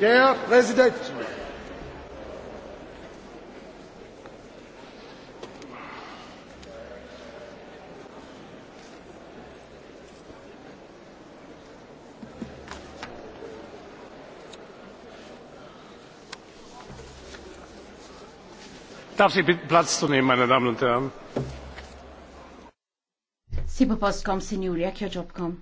Der Präsident. Darf ich bitten, Platz zu nehmen, meine Damen und Herren? Sibu postkom, sinjuri, jek joġobkom.